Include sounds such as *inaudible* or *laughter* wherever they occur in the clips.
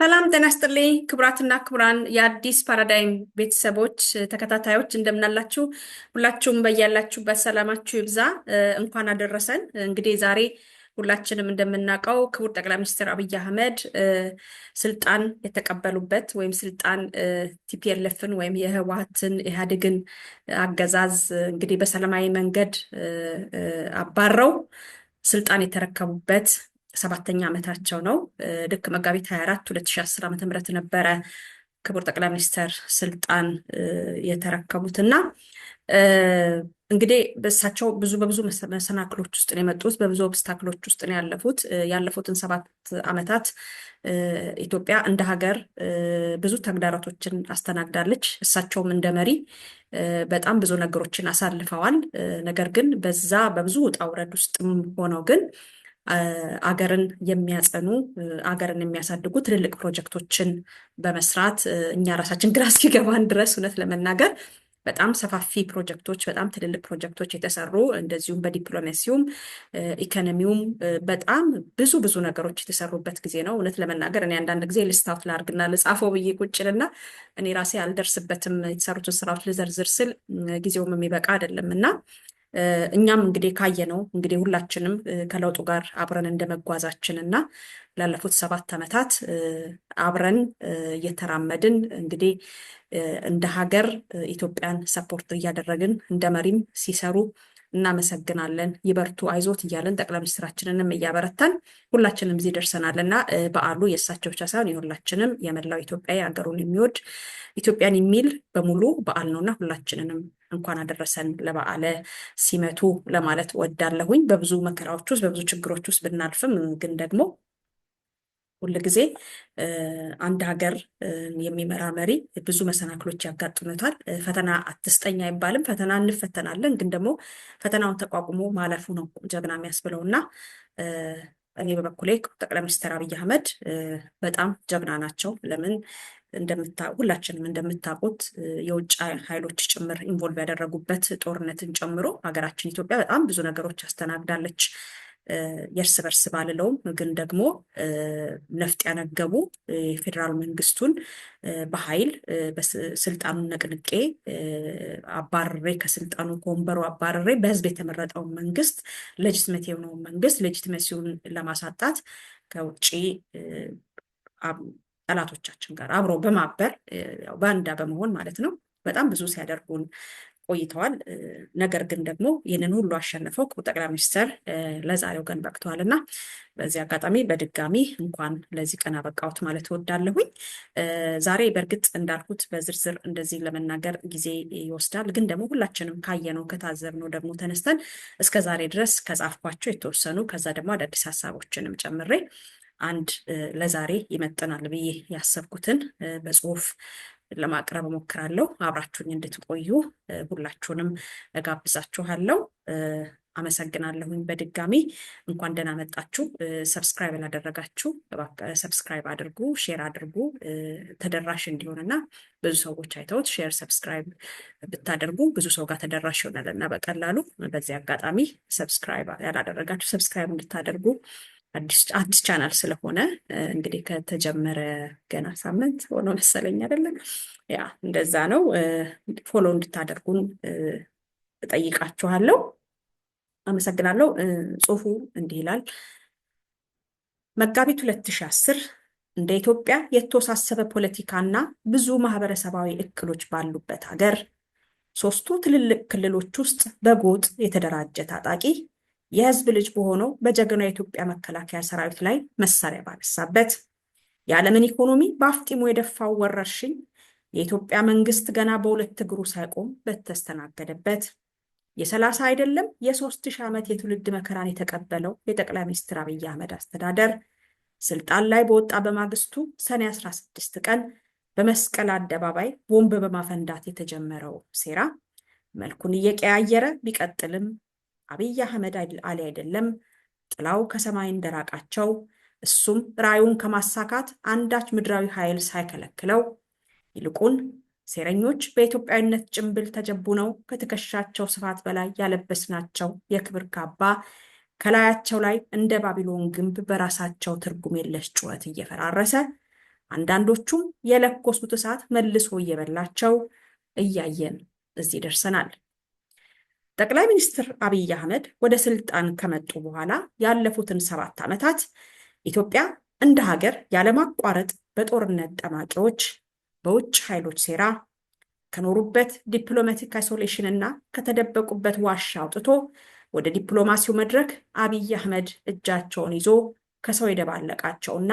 ሰላም ጤና ስጥልኝ ክቡራትና ክቡራን የአዲስ ፓራዳይም ቤተሰቦች ተከታታዮች እንደምናላችሁ፣ ሁላችሁም በያላችሁበት ሰላማችሁ ይብዛ። እንኳን አደረሰን። እንግዲህ ዛሬ ሁላችንም እንደምናውቀው ክቡር ጠቅላይ ሚኒስትር አብይ አህመድ ስልጣን የተቀበሉበት ወይም ስልጣን ቲፒልፍን ወይም የህወሀትን ኢህአዴግን አገዛዝ እንግዲህ በሰላማዊ መንገድ አባረው ስልጣን የተረከቡበት ሰባተኛ ዓመታቸው ነው። ልክ መጋቢት 24 2010 ዓ ም ነበረ ክቡር ጠቅላይ ሚኒስተር ስልጣን የተረከቡትና እንግዲህ በእሳቸው ብዙ በብዙ መሰናክሎች ውስጥ ነው የመጡት፣ በብዙ ኦብስታክሎች ውስጥ ነው ያለፉት። ያለፉትን ሰባት ዓመታት ኢትዮጵያ እንደ ሀገር ብዙ ተግዳሮቶችን አስተናግዳለች። እሳቸውም እንደ መሪ በጣም ብዙ ነገሮችን አሳልፈዋል። ነገር ግን በዛ በብዙ ውጣ ውረድ ውስጥም ሆነው ግን አገርን የሚያጸኑ አገርን የሚያሳድጉ ትልልቅ ፕሮጀክቶችን በመስራት እኛ ራሳችን ግራ *laughs* እስኪገባን ድረስ እውነት ለመናገር በጣም ሰፋፊ ፕሮጀክቶች በጣም ትልልቅ ፕሮጀክቶች የተሰሩ እንደዚሁም በዲፕሎማሲውም ኢኮኖሚውም በጣም ብዙ ብዙ ነገሮች የተሰሩበት ጊዜ ነው። እውነት ለመናገር እኔ አንዳንድ ጊዜ ልስታውት ላርግና ልጻፎ ብዬ ቁጭልና እኔ ራሴ አልደርስበትም የተሰሩትን ስራዎች ልዘርዝር ስል ጊዜውም የሚበቃ አይደለም እና እኛም እንግዲህ ካየ ነው እንግዲህ ሁላችንም ከለውጡ ጋር አብረን እንደመጓዛችን እና ላለፉት ሰባት ዓመታት አብረን እየተራመድን እንግዲህ እንደ ሀገር ኢትዮጵያን ሰፖርት እያደረግን እንደ መሪም ሲሰሩ እናመሰግናለን። ይበርቱ፣ አይዞት እያለን ጠቅላይ ሚኒስትራችንንም እያበረታን ሁላችንም እዚህ ደርሰናል እና በዓሉ የእሳቸው ብቻ ሳይሆን የሁላችንም የመላው ኢትዮጵያ ሀገሩን የሚወድ ኢትዮጵያን የሚል በሙሉ በዓል ነውና ሁላችንንም እንኳን አደረሰን ለበዓለ ሲመቱ ለማለት ወዳለሁኝ። በብዙ መከራዎች ውስጥ በብዙ ችግሮች ውስጥ ብናልፍም ግን ደግሞ ሁልጊዜ አንድ ሀገር የሚመራ መሪ ብዙ መሰናክሎች ያጋጥሙታል። ፈተና አትስጠኝ አይባልም። ፈተና እንፈተናለን፣ ግን ደግሞ ፈተናውን ተቋቁሞ ማለፉ ነው ጀግና የሚያስብለው እና እኔ በበኩሌ ጠቅላይ ሚኒስትር አብይ አህመድ በጣም ጀግና ናቸው። ለምን ሁላችንም እንደምታውቁት የውጭ ኃይሎች ጭምር ኢንቮልቭ ያደረጉበት ጦርነትን ጨምሮ ሀገራችን ኢትዮጵያ በጣም ብዙ ነገሮች ያስተናግዳለች። የእርስ በርስ ባልለውም ግን ደግሞ ነፍጥ ያነገቡ የፌዴራል መንግስቱን በኃይል ስልጣኑን ነቅንቄ አባርሬ ከስልጣኑ ከወንበሩ አባርሬ በህዝብ የተመረጠውን መንግስት ሌጅትመት የሆነውን መንግስት ሌጅትመሲውን ለማሳጣት ከውጭ ጠላቶቻችን ጋር አብሮ በማበር ባንዳ በመሆን ማለት ነው በጣም ብዙ ሲያደርጉን ቆይተዋል። ነገር ግን ደግሞ ይህንን ሁሉ አሸንፈው ክቡር ጠቅላይ ሚኒስትር ለዛሬው ቀን በቅተዋል እና በዚህ አጋጣሚ በድጋሚ እንኳን ለዚህ ቀን አበቃዎት ማለት እወዳለሁኝ። ዛሬ በእርግጥ እንዳልኩት በዝርዝር እንደዚህ ለመናገር ጊዜ ይወስዳል። ግን ደግሞ ሁላችንም ካየነው ከታዘብነው ደግሞ ተነስተን እስከ ዛሬ ድረስ ከጻፍኳቸው የተወሰኑ ከዛ ደግሞ አዳዲስ ሀሳቦችንም ጨምሬ አንድ ለዛሬ ይመጥናል ብዬ ያሰብኩትን በጽሁፍ ለማቅረብ እሞክራለሁ። አብራችሁኝ እንድትቆዩ ሁላችሁንም እጋብዛችኋለሁ። አመሰግናለሁኝ። በድጋሚ እንኳን ደህና መጣችሁ። ሰብስክራይብ ላደረጋችሁ ሰብስክራይብ አድርጉ፣ ሼር አድርጉ ተደራሽ እንዲሆንና ብዙ ሰዎች አይተውት ሼር ሰብስክራይብ ብታደርጉ ብዙ ሰው ጋር ተደራሽ እና በቀላሉ በዚህ አጋጣሚ ሰብስክራይብ ያላደረጋችሁ ሰብስክራይብ እንድታደርጉ አዲስ ቻናል ስለሆነ እንግዲህ ከተጀመረ ገና ሳምንት ሆኖ መሰለኝ አይደለም። ያ እንደዛ ነው። ፎሎ እንድታደርጉን እጠይቃችኋለሁ። አመሰግናለሁ። ጽሁፉ እንዲህ ይላል። መጋቢት 2010 እንደ ኢትዮጵያ የተወሳሰበ ፖለቲካና ብዙ ማህበረሰባዊ እክሎች ባሉበት ሀገር ሶስቱ ትልልቅ ክልሎች ውስጥ በጎጥ የተደራጀ ታጣቂ የህዝብ ልጅ በሆነው በጀግናው የኢትዮጵያ መከላከያ ሰራዊት ላይ መሳሪያ ባነሳበት፣ የዓለምን ኢኮኖሚ በአፍጢሙ የደፋው ወረርሽኝ የኢትዮጵያ መንግስት ገና በሁለት እግሩ ሳይቆም በተስተናገደበት፣ የሰላሳ አይደለም የሶስት ሺህ ዓመት የትውልድ መከራን የተቀበለው የጠቅላይ ሚኒስትር አብይ አህመድ አስተዳደር ስልጣን ላይ በወጣ በማግስቱ ሰኔ 16 ቀን በመስቀል አደባባይ ቦምብ በማፈንዳት የተጀመረው ሴራ መልኩን እየቀያየረ ቢቀጥልም አብይ አህመድ አሊ አይደለም ጥላው ከሰማይ እንደራቃቸው እሱም ራዩን ከማሳካት አንዳች ምድራዊ ኃይል ሳይከለክለው ይልቁን ሴረኞች በኢትዮጵያዊነት ጭንብል ተጀቡነው ከትከሻቸው ስፋት በላይ ያለበስናቸው የክብር ካባ ከላያቸው ላይ እንደ ባቢሎን ግንብ በራሳቸው ትርጉም የለሽ ጩኸት እየፈራረሰ አንዳንዶቹም የለኮሱት እሳት መልሶ እየበላቸው እያየን እዚህ ደርሰናል። ጠቅላይ ሚኒስትር አብይ አህመድ ወደ ስልጣን ከመጡ በኋላ ያለፉትን ሰባት ዓመታት ኢትዮጵያ እንደ ሀገር ያለማቋረጥ በጦርነት ጠማቂዎች፣ በውጭ ኃይሎች ሴራ ከኖሩበት ዲፕሎማቲክ አይሶሌሽን እና ከተደበቁበት ዋሻ አውጥቶ ወደ ዲፕሎማሲው መድረክ አብይ አህመድ እጃቸውን ይዞ ከሰው የደባለቃቸውና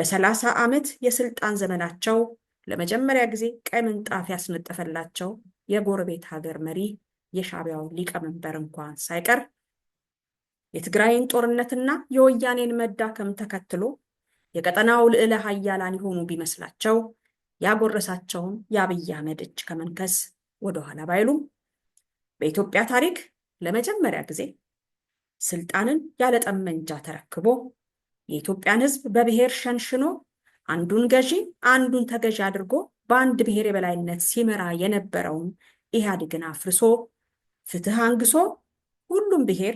በሰላሳ ዓመት የስልጣን ዘመናቸው ለመጀመሪያ ጊዜ ቀይ ምንጣፍ ያስነጠፈላቸው የጎረቤት ሀገር መሪ የሻቢያው ሊቀመንበር እንኳን ሳይቀር የትግራይን ጦርነትና የወያኔን መዳከም ተከትሎ የቀጠናው ልዕለ ሀያላን የሆኑ ቢመስላቸው ያጎረሳቸውን የአብይ አህመድ እጅ ከመንከስ ወደኋላ ባይሉም በኢትዮጵያ ታሪክ ለመጀመሪያ ጊዜ ስልጣንን ያለ ጠመንጃ ተረክቦ የኢትዮጵያን ሕዝብ በብሔር ሸንሽኖ አንዱን ገዢ አንዱን ተገዢ አድርጎ በአንድ ብሔር የበላይነት ሲመራ የነበረውን ኢህአዴግን አፍርሶ ፍትህ አንግሶ ሁሉም ብሔር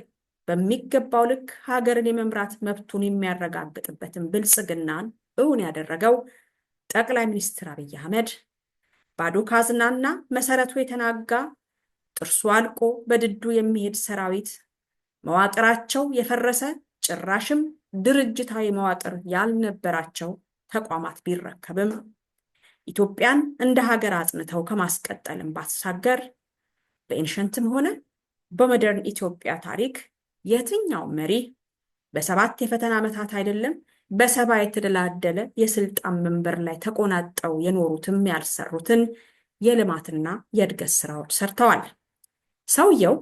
በሚገባው ልክ ሀገርን የመምራት መብቱን የሚያረጋግጥበትን ብልጽግናን እውን ያደረገው ጠቅላይ ሚኒስትር አብይ አህመድ ባዶ ካዝናና መሰረቱ የተናጋ ጥርሱ አልቆ በድዱ የሚሄድ ሰራዊት መዋቅራቸው የፈረሰ ጭራሽም ድርጅታዊ መዋቅር ያልነበራቸው ተቋማት ቢረከብም ኢትዮጵያን እንደ ሀገር አጽንተው ከማስቀጠልም ባሻገር በኤንሸንትም ሆነ በሞደርን ኢትዮጵያ ታሪክ የትኛው መሪ በሰባት የፈተና ዓመታት አይደለም በሰባ የተደላደለ የስልጣን መንበር ላይ ተቆናጠው የኖሩትም ያልሰሩትን የልማትና የእድገት ስራዎች ሰርተዋል። ሰውየው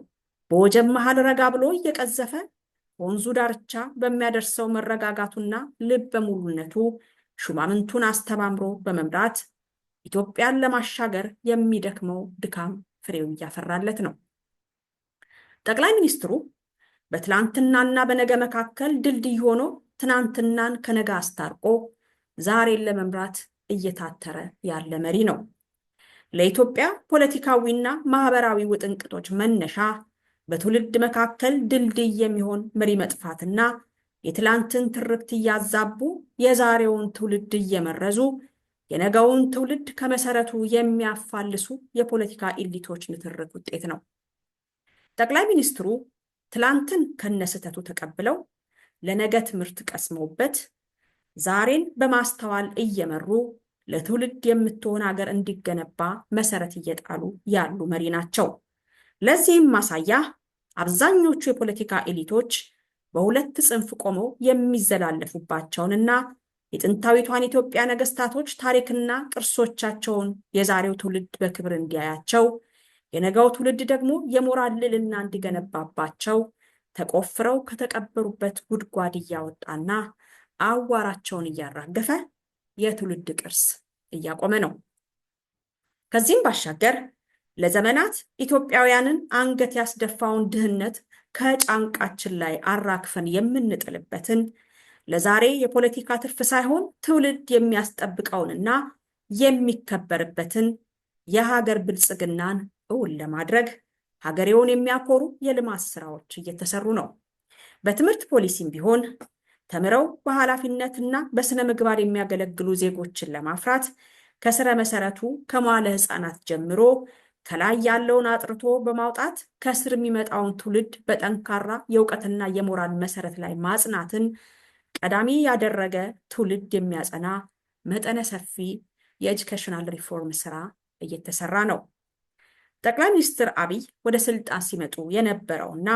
በወጀብ መሃል ረጋ ብሎ እየቀዘፈ ወንዙ ዳርቻ በሚያደርሰው መረጋጋቱና ልበ ሙሉነቱ ሹማምንቱን አስተባምሮ በመምራት ኢትዮጵያን ለማሻገር የሚደክመው ድካም ፍሬውን እያፈራለት ነው። ጠቅላይ ሚኒስትሩ በትላንትናና በነገ መካከል ድልድይ ሆኖ ትናንትናን ከነገ አስታርቆ ዛሬን ለመምራት እየታተረ ያለ መሪ ነው። ለኢትዮጵያ ፖለቲካዊና ማህበራዊ ውጥንቅጦች መነሻ በትውልድ መካከል ድልድይ የሚሆን መሪ መጥፋትና የትላንትን ትርክት እያዛቡ የዛሬውን ትውልድ እየመረዙ የነገውን ትውልድ ከመሰረቱ የሚያፋልሱ የፖለቲካ ኢሊቶች ንትርክ ውጤት ነው። ጠቅላይ ሚኒስትሩ ትላንትን ከነስህተቱ ተቀብለው ለነገ ትምህርት ቀስመውበት ዛሬን በማስተዋል እየመሩ ለትውልድ የምትሆን ሀገር እንዲገነባ መሰረት እየጣሉ ያሉ መሪ ናቸው። ለዚህም ማሳያ አብዛኞቹ የፖለቲካ ኤሊቶች በሁለት ጽንፍ ቆመው የሚዘላለፉባቸውንና የጥንታዊቷን ኢትዮጵያ ነገስታቶች ታሪክና ቅርሶቻቸውን የዛሬው ትውልድ በክብር እንዲያያቸው፣ የነገው ትውልድ ደግሞ የሞራል ልዕልና እንዲገነባባቸው ተቆፍረው ከተቀበሩበት ጉድጓድ እያወጣና አዋራቸውን እያራገፈ የትውልድ ቅርስ እያቆመ ነው። ከዚህም ባሻገር ለዘመናት ኢትዮጵያውያንን አንገት ያስደፋውን ድህነት ከጫንቃችን ላይ አራክፈን የምንጥልበትን ለዛሬ የፖለቲካ ትርፍ ሳይሆን ትውልድ የሚያስጠብቀውንና የሚከበርበትን የሀገር ብልጽግናን እውን ለማድረግ ሀገሬውን የሚያኮሩ የልማት ስራዎች እየተሰሩ ነው። በትምህርት ፖሊሲም ቢሆን ተምረው በኃላፊነትና በስነ ምግባር የሚያገለግሉ ዜጎችን ለማፍራት ከስረ መሰረቱ ከመዋለ ህፃናት ጀምሮ ከላይ ያለውን አጥርቶ በማውጣት ከስር የሚመጣውን ትውልድ በጠንካራ የእውቀትና የሞራል መሰረት ላይ ማጽናትን ቀዳሚ ያደረገ ትውልድ የሚያጸና መጠነ ሰፊ የኤጁኬሽናል ሪፎርም ስራ እየተሰራ ነው። ጠቅላይ ሚኒስትር አብይ ወደ ስልጣን ሲመጡ የነበረውና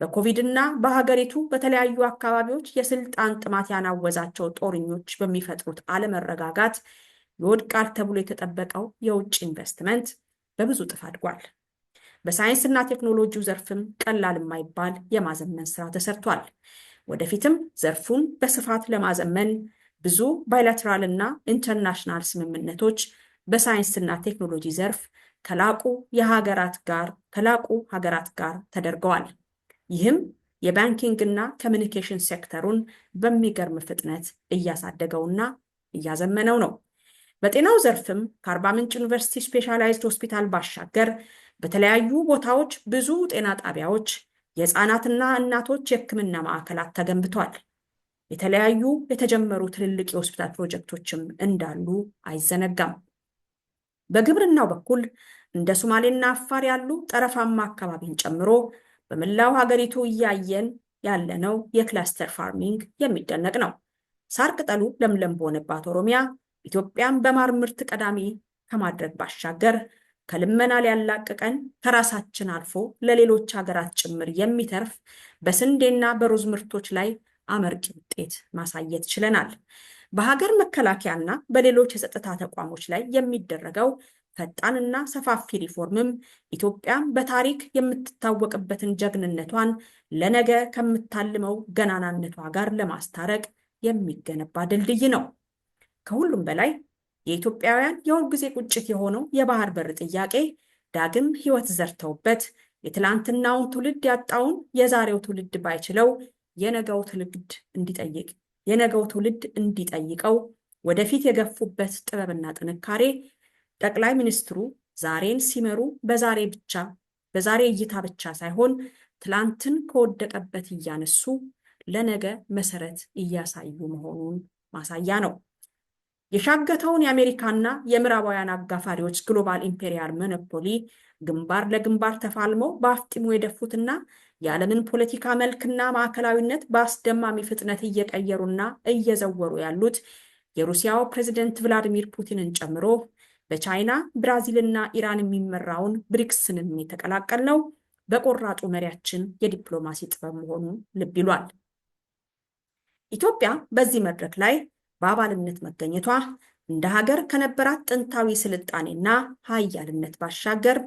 በኮቪድ እና በሀገሪቱ በተለያዩ አካባቢዎች የስልጣን ጥማት ያናወዛቸው ጦርኞች በሚፈጥሩት አለመረጋጋት ይወድቃል ተብሎ የተጠበቀው የውጭ ኢንቨስትመንት በብዙ ጥፍ አድጓል። በሳይንስና ቴክኖሎጂው ዘርፍም ቀላል የማይባል የማዘመን ስራ ተሰርቷል። ወደፊትም ዘርፉን በስፋት ለማዘመን ብዙ ባይላትራል እና ኢንተርናሽናል ስምምነቶች በሳይንስና ቴክኖሎጂ ዘርፍ ከላቁ የሀገራት ጋር ከላቁ ሀገራት ጋር ተደርገዋል። ይህም የባንኪንግ እና ኮሚኒኬሽን ሴክተሩን በሚገርም ፍጥነት እያሳደገውና እያዘመነው ነው። በጤናው ዘርፍም ከአርባ ምንጭ ዩኒቨርሲቲ ስፔሻላይዝድ ሆስፒታል ባሻገር በተለያዩ ቦታዎች ብዙ ጤና ጣቢያዎች የህፃናትና እናቶች የህክምና ማዕከላት ተገንብቷል። የተለያዩ የተጀመሩ ትልልቅ የሆስፒታል ፕሮጀክቶችም እንዳሉ አይዘነጋም። በግብርናው በኩል እንደ ሶማሌና አፋር ያሉ ጠረፋማ አካባቢን ጨምሮ በመላው ሀገሪቱ እያየን ያለነው የክላስተር ፋርሚንግ የሚደነቅ ነው። ሳር ቅጠሉ ለምለም በሆነባት ኦሮሚያ ኢትዮጵያን በማር ምርት ቀዳሚ ከማድረግ ባሻገር ከልመና ሊያላቅቀን ከራሳችን አልፎ ለሌሎች ሀገራት ጭምር የሚተርፍ በስንዴና በሩዝ ምርቶች ላይ አመርቂ ውጤት ማሳየት ችለናል። በሀገር መከላከያና በሌሎች የጸጥታ ተቋሞች ላይ የሚደረገው ፈጣንና ሰፋፊ ሪፎርምም ኢትዮጵያ በታሪክ የምትታወቅበትን ጀግንነቷን ለነገ ከምታልመው ገናናነቷ ጋር ለማስታረቅ የሚገነባ ድልድይ ነው። ከሁሉም በላይ የኢትዮጵያውያን የሁል ጊዜ ቁጭት የሆነው የባህር በር ጥያቄ ዳግም ሕይወት ዘርተውበት የትላንትናውን ትውልድ ያጣውን የዛሬው ትውልድ ባይችለው የነገው ትውልድ እንዲጠይቅ የነገው ትውልድ እንዲጠይቀው ወደፊት የገፉበት ጥበብና ጥንካሬ ጠቅላይ ሚኒስትሩ ዛሬን ሲመሩ በዛሬ ብቻ በዛሬ እይታ ብቻ ሳይሆን ትላንትን ከወደቀበት እያነሱ ለነገ መሰረት እያሳዩ መሆኑን ማሳያ ነው። የሻገተውን የአሜሪካና የምዕራባውያን አጋፋሪዎች ግሎባል ኢምፔሪያል ሞኖፖሊ ግንባር ለግንባር ተፋልመው በአፍጢሙ የደፉትና የዓለምን ፖለቲካ መልክና ማዕከላዊነት በአስደማሚ ፍጥነት እየቀየሩና እየዘወሩ ያሉት የሩሲያው ፕሬዚደንት ቭላዲሚር ፑቲንን ጨምሮ በቻይና ብራዚልና ኢራን የሚመራውን ብሪክስንም የተቀላቀልነው በቆራጡ መሪያችን የዲፕሎማሲ ጥበብ መሆኑ ልብ ይሏል። ኢትዮጵያ በዚህ መድረክ ላይ በአባልነት መገኘቷ እንደ ሀገር ከነበራት ጥንታዊ ስልጣኔና ሀያልነት ባሻገር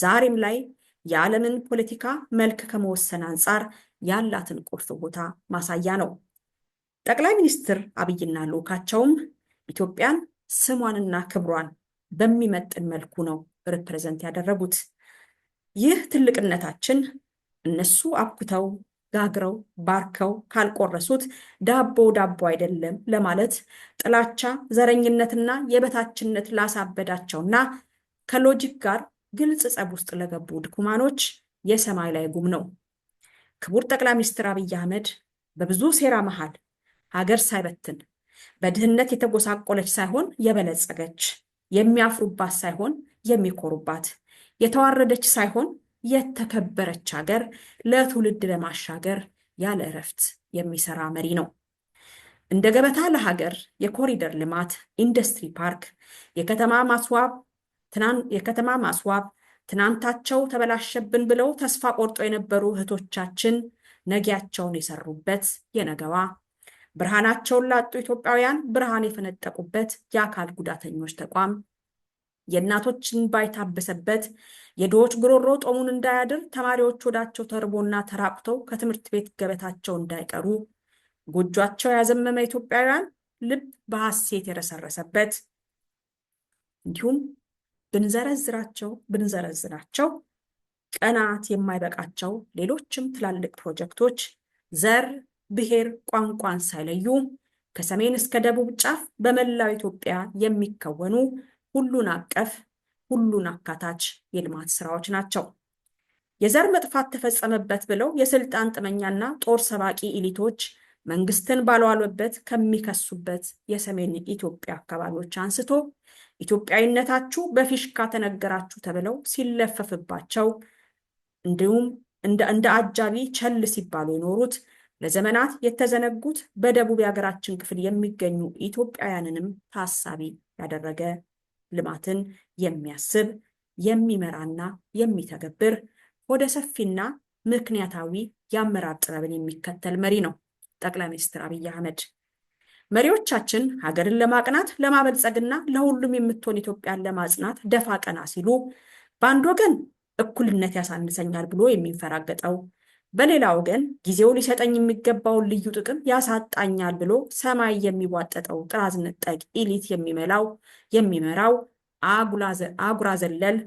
ዛሬም ላይ የዓለምን ፖለቲካ መልክ ከመወሰን አንጻር ያላትን ቁልፍ ቦታ ማሳያ ነው። ጠቅላይ ሚኒስትር አብይና ልዑካቸውም ኢትዮጵያን ስሟንና ክብሯን በሚመጥን መልኩ ነው ሪፕሬዘንት ያደረጉት። ይህ ትልቅነታችን እነሱ አብኩተው ጋግረው ባርከው ካልቆረሱት ዳቦ ዳቦ አይደለም ለማለት ጥላቻ፣ ዘረኝነትና የበታችነት ላሳበዳቸውና ከሎጂክ ጋር ግልጽ ጸብ ውስጥ ለገቡ ድኩማኖች የሰማይ ላይ ጉም ነው። ክቡር ጠቅላይ ሚኒስትር አብይ አህመድ በብዙ ሴራ መሃል ሀገር ሳይበትን በድህነት የተጎሳቆለች ሳይሆን የበለጸገች፣ የሚያፍሩባት ሳይሆን የሚኮሩባት፣ የተዋረደች ሳይሆን የተከበረች ሀገር ለትውልድ ለማሻገር ያለ እረፍት የሚሰራ መሪ ነው። እንደ ገበታ ለሀገር የኮሪደር ልማት፣ ኢንዱስትሪ ፓርክ፣ የከተማ ማስዋብ ትናንታቸው ተበላሸብን ብለው ተስፋ ቆርጦ የነበሩ እህቶቻችን ነጊያቸውን የሰሩበት የነገዋ ብርሃናቸውን ላጡ ኢትዮጵያውያን ብርሃን የፈነጠቁበት የአካል ጉዳተኞች ተቋም የእናቶችን ባይታበሰበት የድሆች ጉሮሮ ጦሙን እንዳያድር ተማሪዎች ወዳቸው ተርቦና ተራቁተው ከትምህርት ቤት ገበታቸው እንዳይቀሩ ጎጇቸው ያዘመመ ኢትዮጵያውያን ልብ በሐሴት የረሰረሰበት እንዲሁም ብንዘረዝራቸው ብንዘረዝራቸው ቀናት የማይበቃቸው ሌሎችም ትላልቅ ፕሮጀክቶች ዘር፣ ብሔር፣ ቋንቋን ሳይለዩ ከሰሜን እስከ ደቡብ ጫፍ በመላው ኢትዮጵያ የሚከወኑ ሁሉን አቀፍ፣ ሁሉን አካታች የልማት ስራዎች ናቸው። የዘር መጥፋት ተፈጸመበት ብለው የስልጣን ጥመኛና ጦር ሰባቂ ኢሊቶች መንግስትን ባልዋሉበት ከሚከሱበት የሰሜን ኢትዮጵያ አካባቢዎች አንስቶ ኢትዮጵያዊነታችሁ በፊሽካ ተነገራችሁ ተብለው ሲለፈፍባቸው እንዲሁም እንደ አጃቢ ቸል ሲባሉ የኖሩት ለዘመናት የተዘነጉት በደቡብ የሀገራችን ክፍል የሚገኙ ኢትዮጵያውያንንም ታሳቢ ያደረገ ልማትን የሚያስብ የሚመራና የሚተገብር ወደ ሰፊና ምክንያታዊ የአመራር ጥበብን የሚከተል መሪ ነው ጠቅላይ ሚኒስትር አብይ አህመድ። መሪዎቻችን ሀገርን ለማቅናት ለማበልጸግና ለሁሉም የምትሆን ኢትዮጵያን ለማጽናት ደፋ ቀና ሲሉ በአንድ ወገን እኩልነት ያሳንሰኛል ብሎ የሚንፈራገጠው በሌላ ወገን ጊዜው ሊሰጠኝ የሚገባውን ልዩ ጥቅም ያሳጣኛል ብሎ ሰማይ የሚዋጠጠው ጥራዝ ነጠቅ ኢሊት የሚመላው የሚመራው አጉራ ዘለል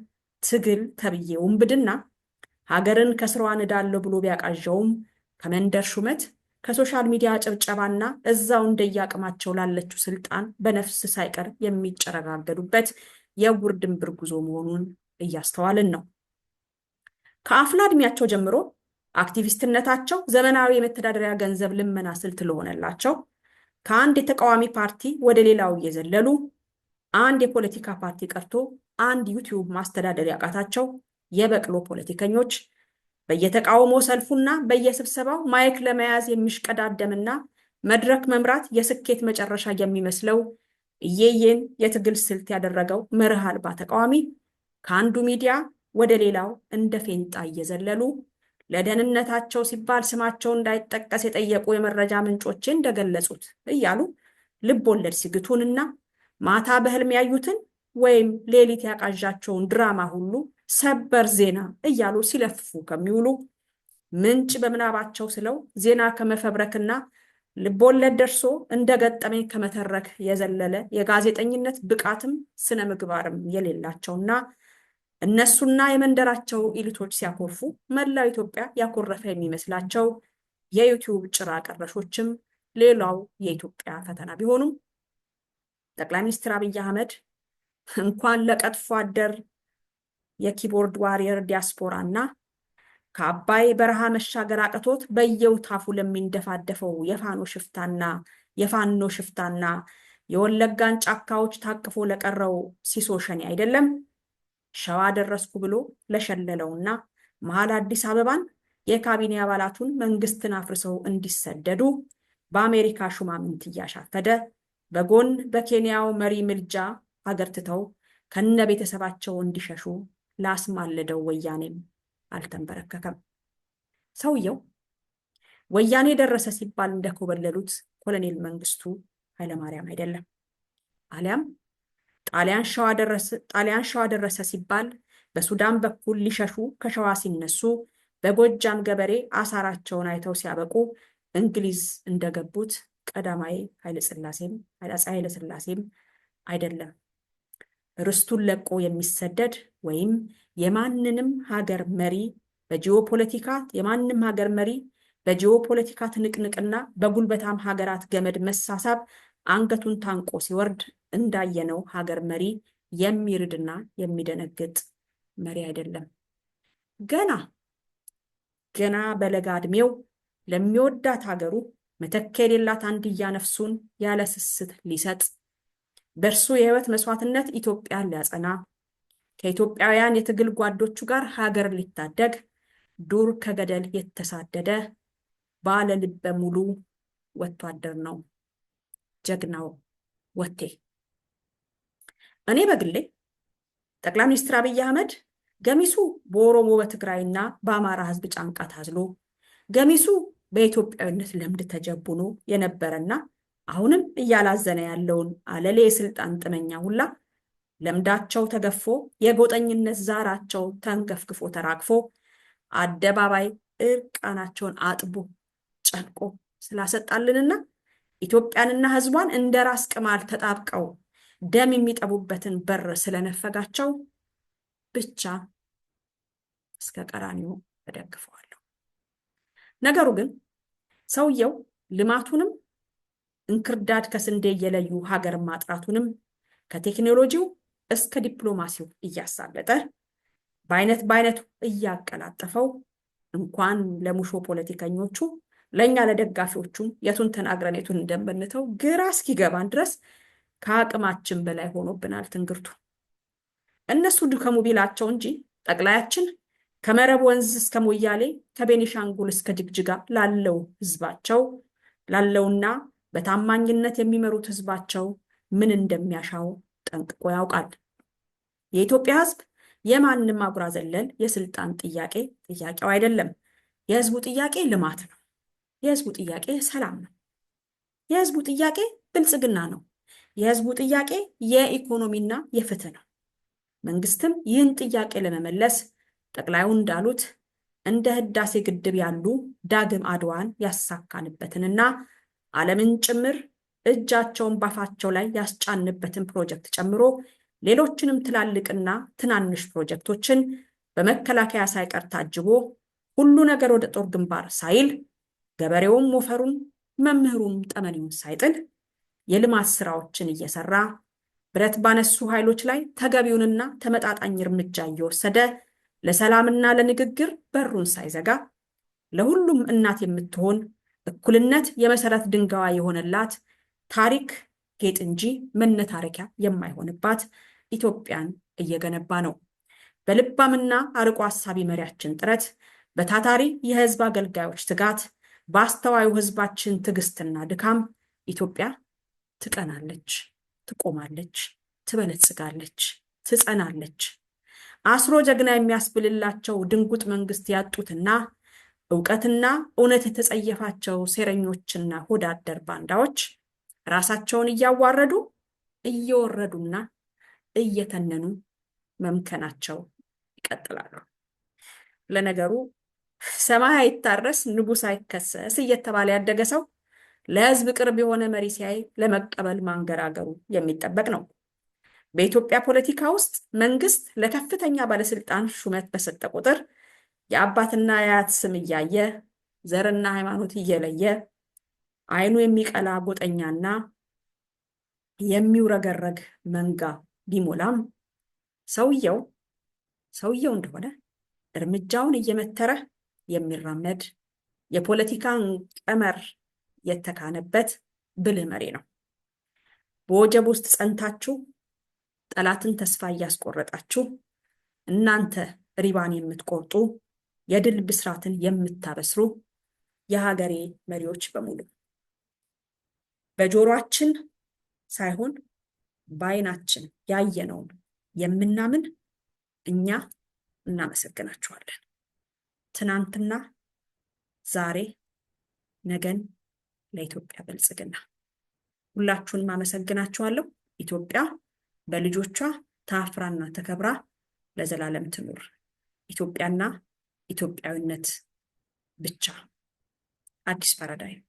ትግል ተብዬ ውንብድና ሀገርን ከስሯ ንዳለው ብሎ ቢያቃዣውም ከመንደር ሹመት ከሶሻል ሚዲያ ጭብጨባና እዛው እንደየአቅማቸው ላለችው ስልጣን በነፍስ ሳይቀር የሚጨረጋገዱበት የውርድንብር ድንብር ጉዞ መሆኑን እያስተዋልን ነው። ከአፍላ ዕድሜያቸው ጀምሮ አክቲቪስትነታቸው ዘመናዊ የመተዳደሪያ ገንዘብ ልመና ስልት ለሆነላቸው ከአንድ የተቃዋሚ ፓርቲ ወደ ሌላው እየዘለሉ አንድ የፖለቲካ ፓርቲ ቀርቶ አንድ ዩቲዩብ ማስተዳደር ያቃታቸው የበቅሎ ፖለቲከኞች በየተቃውሞ ሰልፉና በየስብሰባው ማይክ ለመያዝ የሚሽቀዳደምና መድረክ መምራት የስኬት መጨረሻ የሚመስለው እየየን የትግል ስልት ያደረገው መርህ አልባ ተቃዋሚ ከአንዱ ሚዲያ ወደ ሌላው እንደ ፌንጣ እየዘለሉ ለደህንነታቸው ሲባል ስማቸው እንዳይጠቀስ የጠየቁ የመረጃ ምንጮቼ እንደገለጹት እያሉ ልብ ወለድ ሲግቱንና ማታ በህልም ያዩትን ወይም ሌሊት ያቃዣቸውን ድራማ ሁሉ ሰበር ዜና እያሉ ሲለፍፉ ከሚውሉ ምንጭ በምናባቸው ስለው ዜና ከመፈብረክና ልቦለድ ደርሶ እንደ ገጠመኝ ከመተረክ የዘለለ የጋዜጠኝነት ብቃትም ስነ ምግባርም የሌላቸውና እነሱና የመንደራቸው ኢሊቶች ሲያኮርፉ መላው ኢትዮጵያ ያኮረፈ የሚመስላቸው የዩቲዩብ ጭራ ቀረሾችም ሌላው የኢትዮጵያ ፈተና ቢሆኑም ጠቅላይ ሚኒስትር አብይ አህመድ እንኳን ለቀጥፎ አደር የኪቦርድ ዋሪየር ዲያስፖራ እና ከአባይ በረሃ መሻገር አቅቶት በየውታፉ ለሚንደፋደፈው የፋኖ ሽፍታና የፋኖ ሽፍታና የወለጋን ጫካዎች ታቅፎ ለቀረው ሲሶ አይደለም ሸዋ ደረስኩ ብሎ ለሸለለውና መሀል አዲስ አበባን የካቢኔ አባላቱን መንግስትን አፍርሰው እንዲሰደዱ በአሜሪካ ሹማምንት እያሻፈደ በጎን በኬንያው መሪ ምልጃ ሀገር ትተው ከነ ቤተሰባቸው እንዲሸሹ ላስማለደው ወያኔም አልተንበረከከም። ሰውየው ወያኔ ደረሰ ሲባል እንደኮበለሉት ኮሎኔል መንግስቱ ኃይለማርያም አይደለም አሊያም ጣሊያን ሸዋ ደረሰ ሲባል በሱዳን በኩል ሊሸሹ ከሸዋ ሲነሱ በጎጃም ገበሬ አሳራቸውን አይተው ሲያበቁ እንግሊዝ እንደገቡት ቀዳማዊ ኃይለሥላሴም አፄ ኃይለሥላሴም አይደለም። ርስቱን ለቆ የሚሰደድ ወይም የማንንም ሀገር መሪ በጂኦፖለቲካ የማንም ሀገር መሪ በጂኦፖለቲካ ትንቅንቅና በጉልበታም ሀገራት ገመድ መሳሳብ አንገቱን ታንቆ ሲወርድ እንዳየነው ሀገር መሪ የሚርድና የሚደነግጥ መሪ አይደለም። ገና ገና በለጋ ዕድሜው ለሚወዳት ሀገሩ መተኪያ የሌላት አንድያ ነፍሱን ያለ ስስት ሊሰጥ በእርሱ የህይወት መስዋዕትነት ኢትዮጵያን ሊያጸና ከኢትዮጵያውያን የትግል ጓዶቹ ጋር ሀገር ሊታደግ ዱር ከገደል የተሳደደ ባለ ልበ ሙሉ ወታደር ነው ጀግናው ወቴ። እኔ በግሌ ጠቅላይ ሚኒስትር አብይ አህመድ ገሚሱ በኦሮሞ በትግራይና በአማራ ህዝብ ጫንቃ ታዝሎ ገሚሱ በኢትዮጵያዊነት ለምድ ተጀቡኖ የነበረና አሁንም እያላዘነ ያለውን አለሌ የስልጣን ጥመኛ ሁላ ለምዳቸው ተገፎ የጎጠኝነት ዛራቸው ተንገፍግፎ ተራግፎ አደባባይ እርቃናቸውን አጥቦ ጨንቆ ስላሰጣልንና ኢትዮጵያንና ህዝቧን እንደ ራስ ቅማል ተጣብቀው ደም የሚጠቡበትን በር ስለነፈጋቸው ብቻ እስከ ቀራኒው እደግፈዋለሁ። ነገሩ ግን ሰውየው ልማቱንም እንክርዳድ ከስንዴ እየለዩ ሀገር ማጥራቱንም ከቴክኖሎጂው እስከ ዲፕሎማሲው እያሳለጠ በአይነት በአይነቱ እያቀላጠፈው እንኳን ለሙሾ ፖለቲከኞቹ ለእኛ ለደጋፊዎቹም የቱን ተናግረን የቱን እንደምንተው ግራ እስኪገባን ድረስ ከአቅማችን በላይ ሆኖብናል ትንግርቱ። እነሱ ድከሙ ቢላቸው እንጂ ጠቅላያችን ከመረብ ወንዝ እስከ ሞያሌ ከቤኒሻንጉል እስከ ጅግጅጋ ላለው ህዝባቸው ላለውና በታማኝነት የሚመሩት ህዝባቸው ምን እንደሚያሻው ጠንቅቆ ያውቃል። የኢትዮጵያ ህዝብ የማንም አጉራ ዘለል የስልጣን ጥያቄ ጥያቄው አይደለም። የህዝቡ ጥያቄ ልማት ነው። የህዝቡ ጥያቄ ሰላም ነው። የህዝቡ ጥያቄ ብልጽግና ነው። የህዝቡ ጥያቄ የኢኮኖሚና የፍትህ ነው። መንግስትም ይህን ጥያቄ ለመመለስ ጠቅላዩ እንዳሉት እንደ ህዳሴ ግድብ ያሉ ዳግም አድዋን ያሳካንበትንና ዓለምን ጭምር እጃቸውን ባፋቸው ላይ ያስጫንበትን ፕሮጀክት ጨምሮ ሌሎችንም ትላልቅና ትናንሽ ፕሮጀክቶችን በመከላከያ ሳይቀር ታጅቦ ሁሉ ነገር ወደ ጦር ግንባር ሳይል ገበሬውም ሞፈሩን መምህሩም ጠመኔውን ሳይጥል የልማት ስራዎችን እየሰራ ብረት ባነሱ ኃይሎች ላይ ተገቢውንና ተመጣጣኝ እርምጃ እየወሰደ ለሰላምና ለንግግር በሩን ሳይዘጋ ለሁሉም እናት የምትሆን እኩልነት የመሰረት ድንጋዋ የሆነላት ታሪክ ጌጥ እንጂ መነታረኪያ የማይሆንባት ኢትዮጵያን እየገነባ ነው። በልባምና አርቆ አሳቢ መሪያችን ጥረት፣ በታታሪ የህዝብ አገልጋዮች ትጋት፣ በአስተዋዩ ህዝባችን ትዕግስትና ድካም ኢትዮጵያ ትቀናለች፣ ትቆማለች፣ ትበለጽጋለች፣ ትጸናለች። አስሮ ጀግና የሚያስብልላቸው ድንጉጥ መንግስት ያጡትና እውቀትና እውነት የተጸየፋቸው ሴረኞችና ሆዳደር ባንዳዎች ራሳቸውን እያዋረዱ እየወረዱና እየተነኑ መምከናቸው ይቀጥላሉ። ለነገሩ ሰማይ አይታረስ ንጉሥ አይከሰስ እየተባለ ያደገ ሰው ለህዝብ ቅርብ የሆነ መሪ ሲያይ ለመቀበል ማንገራገሩ የሚጠበቅ ነው። በኢትዮጵያ ፖለቲካ ውስጥ መንግስት ለከፍተኛ ባለስልጣን ሹመት በሰጠ ቁጥር የአባትና የአያት ስም እያየ ዘርና ሃይማኖት እየለየ አይኑ የሚቀላ ጎጠኛና የሚውረገረግ መንጋ ቢሞላም ሰውየው ሰውየው እንደሆነ እርምጃውን እየመተረ የሚራመድ የፖለቲካን ቀመር የተካነበት ብልህ መሪ ነው። በወጀብ ውስጥ ጸንታችሁ ጠላትን ተስፋ እያስቆረጣችሁ እናንተ ሪባን የምትቆርጡ የድል ብስራትን የምታበስሩ የሀገሬ መሪዎች በሙሉ በጆሮአችን ሳይሆን በዓይናችን ያየነውን የምናምን እኛ እናመሰግናችኋለን። ትናንትና ዛሬ ነገን ለኢትዮጵያ ብልጽግና። ሁላችሁንም አመሰግናችኋለሁ። ኢትዮጵያ በልጆቿ ታፍራና ተከብራ ለዘላለም ትኑር። ኢትዮጵያና ኢትዮጵያዊነት ብቻ። አዲስ ፓራዳይም